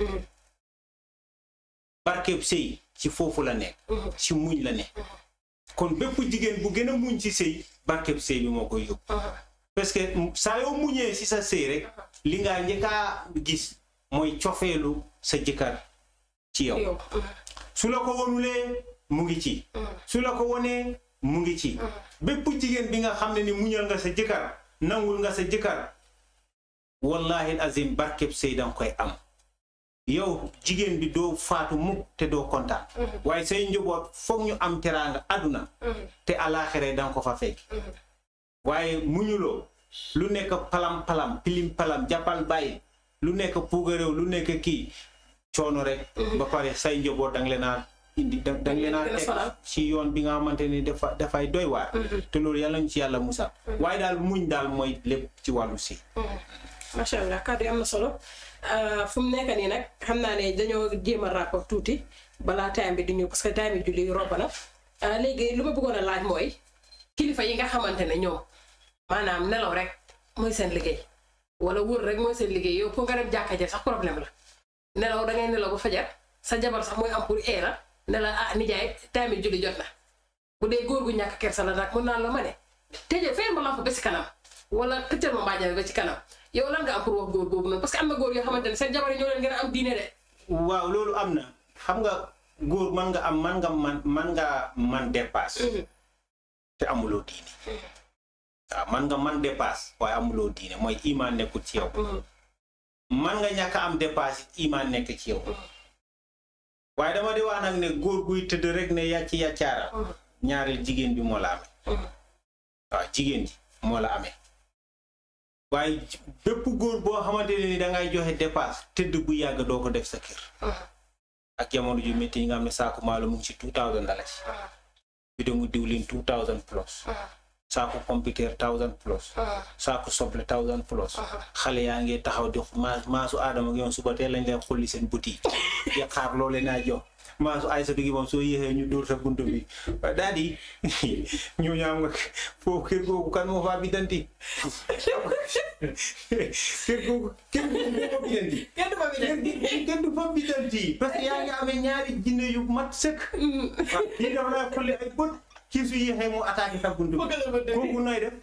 barkeb sëy ci foofu la nekk ci muñ la nekk kon bépp jigéen bu gën a muñ ci sëy barkeb sëy bi moo koy yóbbu uh-huh. parce que saa yoo ñëwee si sa sëy rek uh-huh. li nga njëkkaa gis mooy cofeelu sa jëkkër ci yow uh-huh. su la ko wonulee mu ngi ci su la ko wonee mu ngi ci bépp jigéen bi nga xam ne ni muñal nga sa jëkkër nangul nga sa jëkkër wallahi azim barkeb sëy danga koy am yow jigéen bi doo faatu mukk te doo kontaan mhm. waaye say njaboot foog ñu am teraanga àdduna mhm. te alaaxira danga ko fa fekk mhm. waaye muñuloo lu nekk palam palam pilim palam jàppal bàyyi lu nekk puugaréew lu nekk kii coono rek ba pare say njaboot danga leen a indi danga leen a teg ci yoon bi nga xamante ni dafa dafay doy waar te loolu yàlla ñu ci yàlla musal waaye daal muñ daal mooy lépp ci wàllu si Euh, fu mu nekk nii nag xam naa ne dañoo jéem a rapport tuuti balaa time bi du ñëw parce que time bi julli romb na euh, léegi lu ma buggoon a laaj mooy kilifa yi nga xamante ne ñoom maanaam nelaw rek muy seen liggéey wala wóor rek mooy seen liggéey yow pour nga dem jàkka ja sax problème la nelaw da ngay nelaw ba fajar sa jabar sax mooy am pour eera ne la ah nijaay time julli jot na bu dee googu gu ñàkk kersa la nag mun naa la ma ne tëjee feer ma lamp ba kanam wala këccal ma ci kanam yow ya lan nga am pour wax góor boobu noonu parce que amna na yo xamanteni sen jabar ñoo leen gëna am diiné dé waaw lolu am xam nga góor man nga am man nga man man nga man dépasse. té mhm. amulo diiné waaw mhm. man nga man dépasse way amulo diiné moy iman nekku ci yow. Mhm. man nga ñaka am dépasse iman nekk ci yow. waaye dama di wax nag ne góor guy rek ne yacc ñaaral jigen bi mo la waaw jigen ji mo la amé waaye bépp góor boo xamante ne ni dangay joxe dépasse tëdd bu yàgg doo ko def sa kër. Uh-huh. ak jamono ju métti yi nga xam ne saako maalo mu ngi ci two thousand dalasi. Uh-huh. bidon diwlin two thousand plus. Uh-huh. saako computer thousand plus. saako soble thousand plus. xale yaa ngi taxaw di maasu aadama ak yoon suba teel lañ leen xolli seen boutique. di xaar loo leen a jox. maa su ay sa gi moom soo yéexee ñu dóor sa buntu bi daal di ñu ñaam nga foofu kër googu kan moo faa bidanti kër googu kër googu moo fa bidanti kenn yu mat sëkk mm-hmm. waaw kii dafa laa su yéexee mu attaqué sa buntu bi kooku nooy def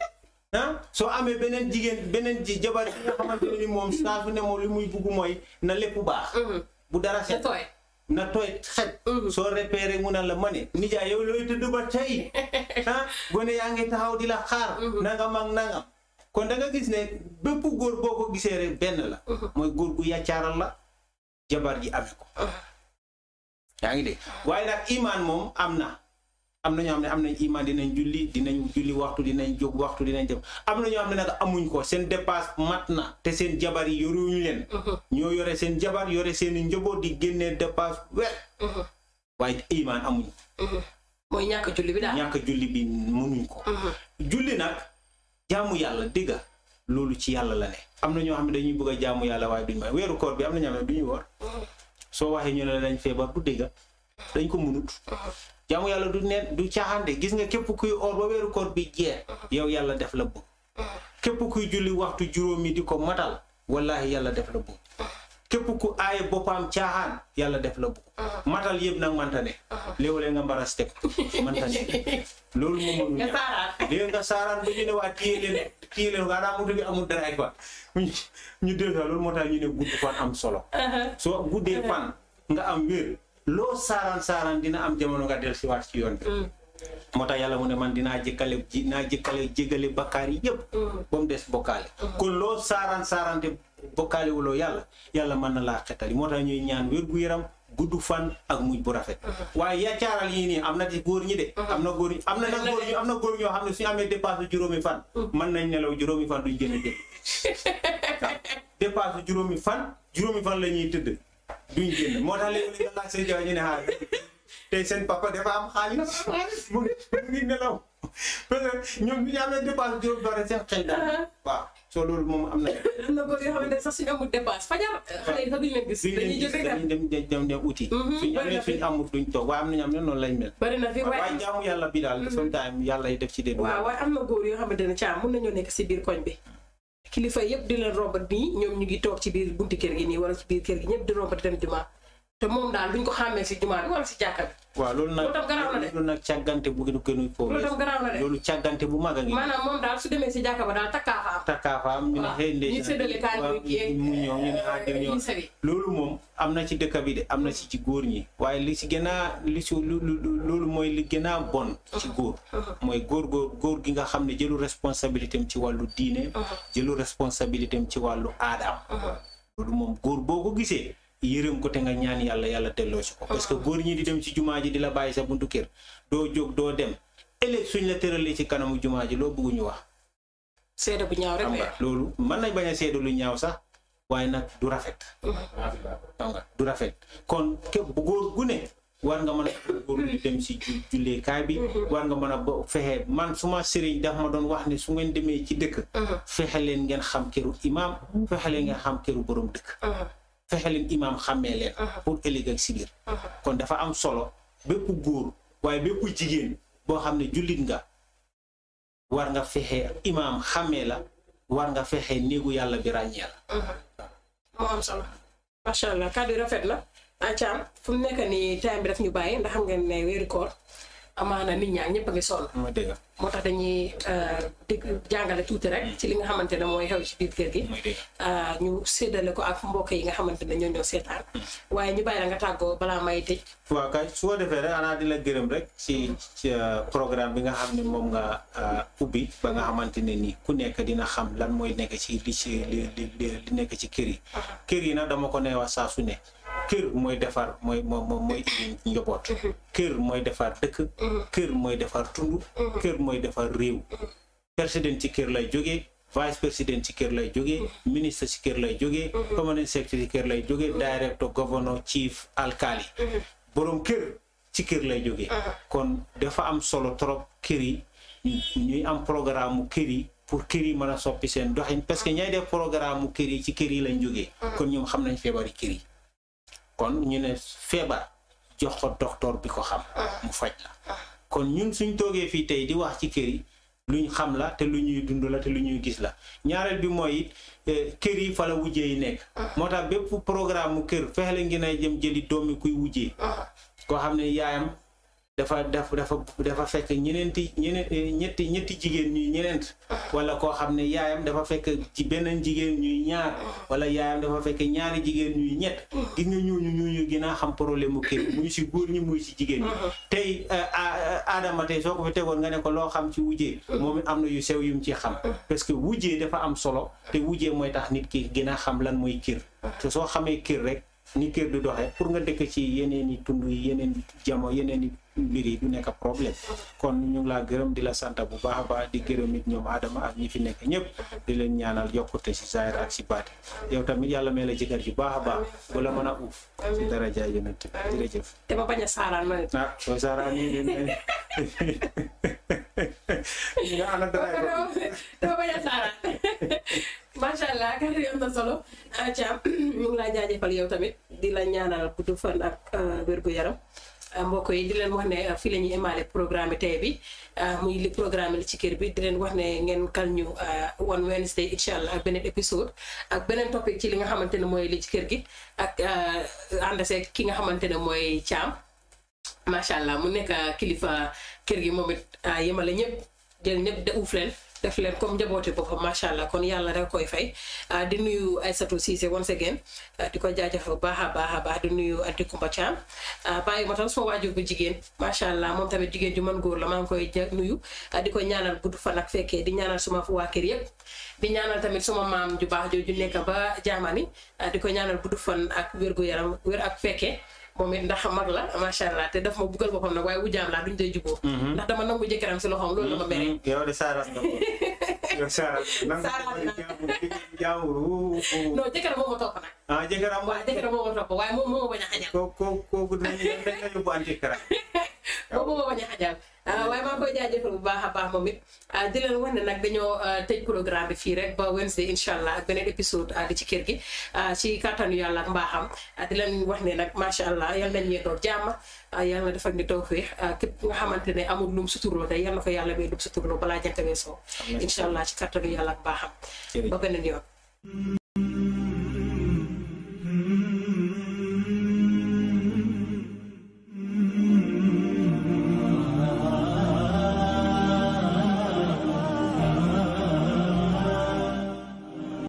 soo amee beneen jigéen beneen ji jabar yi nga xamante ne ni moom saa su ne moom li muy bugg mooy na lépp baax mm-hmm. bu dara set na tooy xet so repéré mu na la ma ne nijaay yow looy tudd ba tey ah gone yaa ngi taxaw dila la xaar nangam ak nangam kon danga nga gis ne bépp góor boo ko gisee rek benn la mooy góor gu yaccaaral la jabar ji amee ko yaa ngi dégg waaye nag imaan moom am na am na ñoo xam ne am nañ iman dinañ julli dinañ julli waxtu dinañ jóg waxtu dinañ jëm am na ñoo xam ne nag amuñ ko seen dépasse mat na te seen jabar yi yoruñu leen. Mm-hmm. ñoo yore seen jabar yore seen i njaboot di génnee dépasse wér. Mm-hmm. waaye imaan amuñ. Mm-hmm. mooy ñàkk julli bi daal ñàkk julli bi mënuñ ko. julli nag jaamu yàlla dégg loolu ci yàlla la ne am na ñoo xam ne dañuy bëgg a jaamu yàlla waaye duñ may weeru koor bi am na ñoo xam ne duñu woor. soo waxee ñu ne dañ feebar bu dégg dañ ko mënut. Jamu yalla du ne du caaxaan gis nga kep kuy or ba wéru koor bi jé mm-hmm. yow yalla def la bu mm-hmm. kep kuy julli waxtu juróomi diko matal wallahi yalla def la bu mm-hmm. kep ku ay bopam caaxaan yalla def la bu matal yeb nak man tane léeg nga mbara teg man tane lolou mo mënu léegi nga saaraan bu ñu ne waa leen téye leen waa bi amu dara quoi ñu dégg lolou moo tax ñu ne gudd fan am solo uh-huh. soo guddee uh-huh. fan nga am wér loo saaraan saaraan dina am jamono nga del si waat ci yoon bi mm. moo tax yàlla mu ne man dinaa jëkkale dinaa jëkkale jégale bakkaar yi yëpp mm. ba mu des bokkaale mm. kon loo saaraan saaraan te bokkaale wuloo yàlla yàlla man na laa xetali moo tax ñuy ñaan wér-gu-yaram gudd fan ak muj bu rafet mm-hmm. waaye yaccaaral yii nii am na ci góor ñi de mm-hmm. am na góor am na nag góor ñu am na góor ñoo xam ne suñu amee dépasse juróomi fan mën nañ nelaw juróomi fan duñ gën a dégg dépasse juróomi fan juróomi fan la ñuy tëdd duñ génn moo tax léegi nga laaj seen ne xaalis tey seen papa dafa am xaalis mu ngi nelaw parce que ñoom bi ñu amee dépense juróom bare seen xel daal waaw soo loolu moom am na am na yoo xamante ne sax suñu amul dépense fajar xale yi sax duñ leen gis dañuy jël rek dem dem dem dem uti mhm, waaye am na ñoo xam ne noonu lañ mel bari na fi waaye jaamu yàlla bi daal mhm. sometime yàlla yi def ci dee waaw waaye am na góor yoo xamante ne caam mun nañoo nekk si biir koñ bi kilifa yëpp di leen rombat nii ñoom ñu ngi toog ci biir bunti kër gi nii wala ci biir kër gi ñëpp di rombat dem jumaa te moom daal duñ ko xàmmee si jumaa bi wala si jàkka bi. waaw loolu nag na de loolu càggante bu gën a foofu. loolu na de loolu càggante bu mag a ngi. maanaam moom daal su demee si jàkka ba daal takkaafaam. takkaafaam ñu ne xëy na ñu séddale kaay mu ñëw loolu moom am na ci dëkk bi de am na ci ci góor ñi waaye li si gën a li si loolu mooy li gën a bon. ci góor mooy góor gi nga xam ne jëlu responsabilité ci wàllu diine. Uh-huh. jëlu responsabilité am ci wàllu aadaam. Uh-huh. boo ko gisee yërëm ko te nga ñaan yalla yalla delo ci ko parce que goor ñi di dem ci jumaa ji di la baye sa buntu kër do jog do dem ele suñ la tëralee ci kanamu jumaa ji loo ñu wax seede bu ñaaw rek nga loolu mën nañ durafet. a lu ñaaw sax waye nak du rafet du rafet kon ke bu goor gu ne war nga mëna goor di dem si kay bi mhm. war nga mëna fexé man suma sëriñ daf ma doon wax ni su ngeen demee ci dëkk mhm. fexé leen ngeen xam imam fexé leen ngeen xam borom dëkk mhm. fexe leen imaam xàmmee leen pour ëllëg ak sibir kon dafa am solo bépp góor waaye bépp jigéen boo xam ne jullit nga war nga fexe imaam xàmmee la war nga fexe néegu yàlla bi ràññee la moo am solo macha allah kàddu rafet la acaam fu mu nekk nii time bi daf ñu bàyyi ndax xam ngeen ne weeru koor amana nit ñaa ñëpp iya. ngi sol motax dañuy euh jàngale tout rek ci li nga xamantene moy xew ci biir kër gi ñu sédalé iya. eh, ko ak mbokk yi nga xamantene ñoo ñoo seetaan hmm. waye ñu bàyyi la nga taggo bala may tej wa kay su ko rek ana di la gërëm rek ci eh, programme bi nga xamni mom nga eh, ubbi ba nga xamantene ni ku nekk dina xam lan moy nekk ci li ci li nekk ci kër yi kër yi nag dama ko ne wax su ne kër mooy defar mooy moo moo mooy indi njaboot mhm. kër mooy defar dëkk mhm. kër mooy defar tund mhm. kër mooy defar réew président ci kër lay jógee vice président ci kër lay jógee ministre ci kër lay jógee permanent secretary ci kër lay jógee directeur governor chief alkali borom kër ci kër lay jóge kon dafa am solo trop kër yi ñuy am programme kër yi pour kër yi mën a soppi seen doxin parce que ñay def programme kër yi ci kër yi lañ jógee kon ñoom xam nañ feebari kër yi kon ñu ne feebar jox ko docteur bi ko xam ah. mu faj la ah. kon ñun suñ toogee fii tey di wax ci kër yi luñ xam la te lu ñuy dund la te lu ñuy gis la ñaareel bi mooy eh, kër yi fa wujjee yi nekk ah. moo tax bépp programme mu kër fexe la ngeen ay jëm jëli doomi kuy wujjee koo xam ne yaayam dafa dafa dafa dafa fekk ñeneenti ñeneen eh, ñetti ñetti jigéen ñuy ñeneent wala koo xam ne yaayam dafa fekk ci benn jigéen ñuy ñaar wala yaayam dafa fekk ñaari jigéen ñuy ñett gis nga ñooñu ñooñu gën a xam problème mu kër muy si góor ñi muy si jigéen ñi uh-huh. tey eh, aadama eh, tey soo ko fi tegoon nga ne ko loo xam ci wujjee uh-huh. moom am na yu sew yum ci xam uh-huh. parce que wujjee dafa am solo te wujjee mooy tax nit ki gën a xam lan mooy kër te soo xamee kër rek ni kër du doxee pour nga dëkk ci yeneen i tund yi yeneen i yeneen i mbir yi du nekk problème kon ñu ngi laa gërëm di la sant bu baax a baax di gërëm it ñoom Adama ak ñi fi nekk ñëpp di leen ñaanal yokkute si zahir ak si baat yow tamit yàlla may la jëkkër ju baax a baax bu la mën a uuf si dara jaay yonent jërëjëf te ba bañ a saaraan ma ah soo saaraan ñu ngi nga ana dara te ba bañ a saaraan macha allah kàddu yi na solo ah, Thiam ñu ngi laa jaajëfal yow tamit di la ñaanal gudd fan ak ah, wér yaram mbokk yi di leen wax ne fii la ñuy émalé programme bi tey bi euh, muy li programme li ci kër bi di leen wax ne ngeen kal ñu euh, one Wednesday incha allah beneen épisode ak beneen topic ci li nga xamante ne mooy li ci kër gi ak euh, ànd seeg ki nga xamante ne mooy caam macha allah mu nekk kilifa kër gi moom it yemale ñëpp jël ñëpp de uuf leen def leen comme njabooti boppam macha allah kon yàlla rek koy fay ah, di nuyu ay Aïssatou Cissé once again ah, di ko jaajëf bu baax a baax a baax di nuyu Anta Kumba Thiam ah, bàyyi ma tam suma waajur bu jigéen macha allah moom tamit jigéen ju man góor la maa ngi koy nuyu di ko ñaanal gudd fan ak fekkee di ñaanal suma waa kër yëpp di ñaanal tamit suma maam ju baax jooju nekk ba jaamani di ko ñaanal bu du fan ak wér gu yaram wér ak fekkee moom it ndax mag la macha allah te daf ma buggal boppam nag waaye wujjaam laa duñ dee juboo mm-hmm. ndax dama nangu jëkkëram si loxoom loolu la ma mere. Mm-hmm. yow de saaraas nga yow saaraas nga non jëkkëram moo a topp nag. ah jëkkëram a ma a waaw jëkkëram moo ma topp waaye moom moo ma bañ a xajal. kooku boobu moo ma bañ a xajal. Ah, waaye maa koy jaajëfal bu baax a baax moom it ah, di leen wax ne nag dañoo ah, tëj programme bi fii rek ba Wednesday incha allah ak beneen épisode di ci kër gi ci kàttanu yàlla ak mbaaxam di leen wax ne nag macha allah yal nañu yendoo jàmm yal na defal ñu képp nga xamante ne amul lum suturloo tey yal na ko yàlla may lum suturloo balaa jant bee soo incha allah ci kàttanu yàlla ak mbaaxam ba beneen yoon.